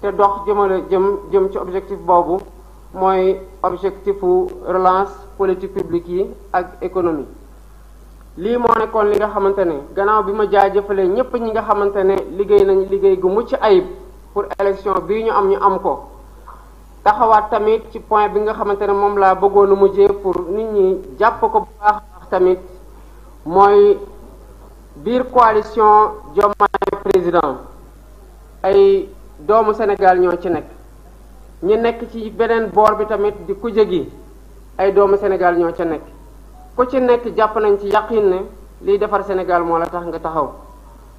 te dox jëmale jëm jëm ci objectif boobu mooy objectifu relance politique publique yi ak économie lii moo nekkoon li nga xamante ne gannaaw bi ma jaajëfalee ñépp ñi nga xamante ne liggéey nañ liggéey gu mucc ayib pour élection bii ñu am ñu am ko taxawaat tamit ci point bi nga xamante ne moom laa bëggoon a mujjee pour nit ñi jàpp ko bu baax baax tamit mooy biir coalition Diomaye président ay doomu Sénégal ñoo ci nekk ñi nekk ci beneen boor bi tamit di kuje gi ay doomu Sénégal ñoo ca nekk ku ci nekk jàpp nañ ci yàqin ne liy defar Sénégal moo la tax nga taxaw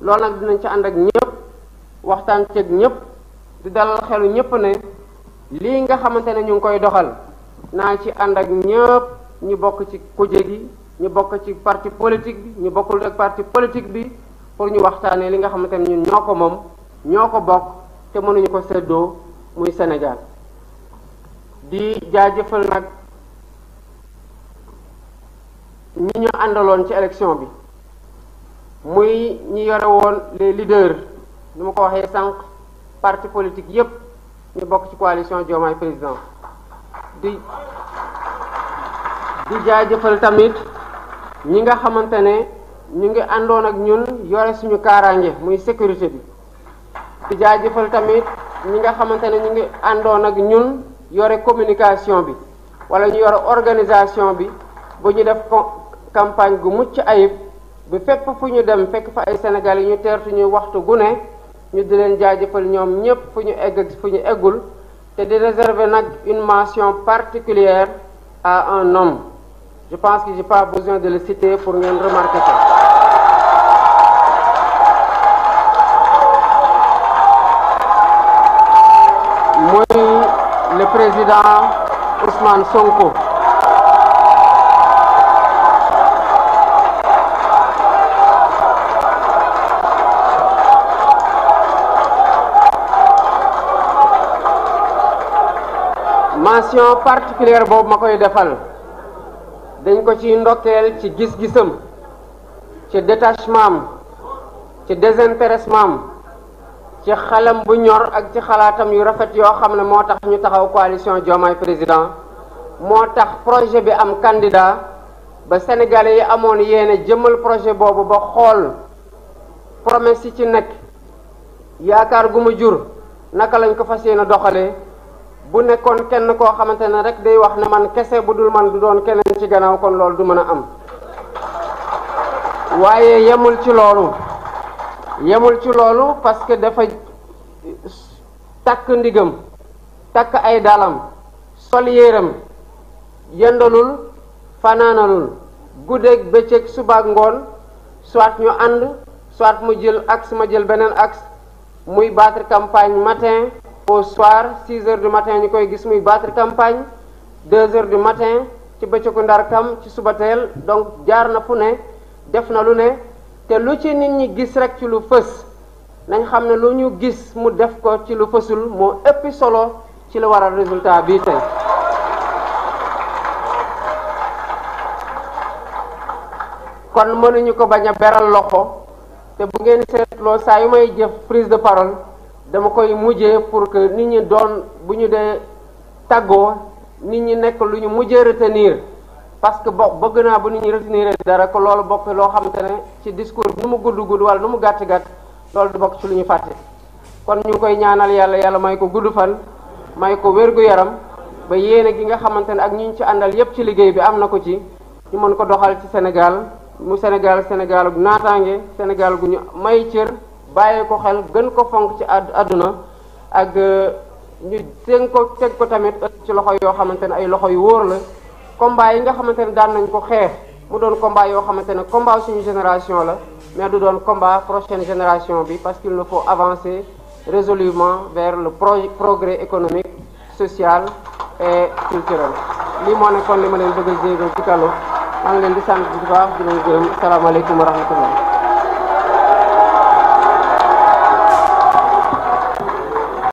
loolu nag dinañ ci ànd ak ñëpp waxtaan ceeg ñëpp di dalal xelu ne lii nga xamante ne ñu ngi koy doxal naa ci ànd ak ñëpp ñu bokk ci kuje gi ñu bokk ci parti politique bi ñu bokkul ak parti politique bi pour ñu waxtaanee li nga xamante ne ñun ñoo ko moom ñoo ko bokk. te mënuñu ko séddoo muy Sénégal di jaajëfal nag ñi ñu àndaloon ci élection bi muy ñi yore woon les leaders nu ma ko waxee sànq parti politique yépp ñu bokk ci coalition Diomaye président di di jaajëfal tamit ñi nga xamante ne ñu ngi àndoon ak ñun yore suñu kaaraange muy sécurité bi di jaajëfal tamit ñi nga xamante ne ñu ngi àndoon ak ñun yore communication bi wala ñu yore organisation bi bu ñu def campagne gu mucc ayib bu fépp fu ñu dem fekk fa ay Sénégal yi ñu tertu ñu waxtu gu ne ñu di leen jaajëfal ñoom ñépp fu ñu egg fu ñu eggul te di réserver nag une mention particulière à un homme je pense que j'ai pas besoin de le citer pour ngeen remarquer ça président Ousmane Sonko. mention particulière boobu ma koy defal dañ ko ci ndokkeel ci gis-gisam ci détachement am ci désintéressement am ci xalam bu ñor ak ci xalaatam yu rafet yoo xam ne moo tax ñu taxaw coalition Diomaye président moo tax projet bi am candidat ba sénégalais yi amoon yéene jëmmal projet boobu ba xool promesse yi ci nekk yaakaar gu mu jur naka lañ ko fas yéene doxalee bu nekkoon kenn koo xamante ne rek day wax ne man kese bu dul man du doon keneen ci gannaaw kon loolu du mën a am waaye yemul ci loolu yemul ci loolu parce que dafa takk ndigam takk ay dalam sol yéeram yendalul fanaanalul guddeeg bëccëg subaak ngoon soit ñu ànd soit mu jël axe ma jël beneen axe muy battre campagne matin au soir 6 heures du matin ñu koy gis muy battre campagne 2 heures du matin ci bëccëgu ndar ci suba teel donc jaar na fu ne def na lu ne te lu ci nit ñi gis rek ci lu fës nañ xam ne lu ñu gis mu def ko ci lu fësul moo ëpp solo ci la waral résultat bii tey kon mënuñu ko bañ a beral loxo te bu ngeen seetloo saa yu may jëf prise de parole dama koy mujjee pour que nit ñi doon bu ñu dee tàggoo nit ñi nekk lu ñu mujjee retenir parce que bo bëgg naa bu nit ñi retenir dara ko loolu bokk loo xamante ne ci discours bi nu mu gudd gudd wala nu mu gàtt gàtt loolu du bokk ci lu ñu fàtte kon ñu koy ñaanal yàlla yàlla may ko gudd fan may ko wér-gu-yaram ba yéene gi nga xamante ne ak ñu ñu ci àndal yépp ci liggéey bi am na ko ci ñu mën ko doxal ci senegal mu Sénégal Sénégal gu naataange Sénégal gu ñu may cër bàyyee ko xel gën ko fonk ci àdduna ak euh, ñu teg ko teg ko tamit ci loxo yoo xamante ne ay loxo yu wóor combat yi nga xamante daan nañ ko xeex mu doon combat combat suñu génération la mais combat prochaine génération parce qu'il nous faut avancer résolument vers le progrès économique social et culturel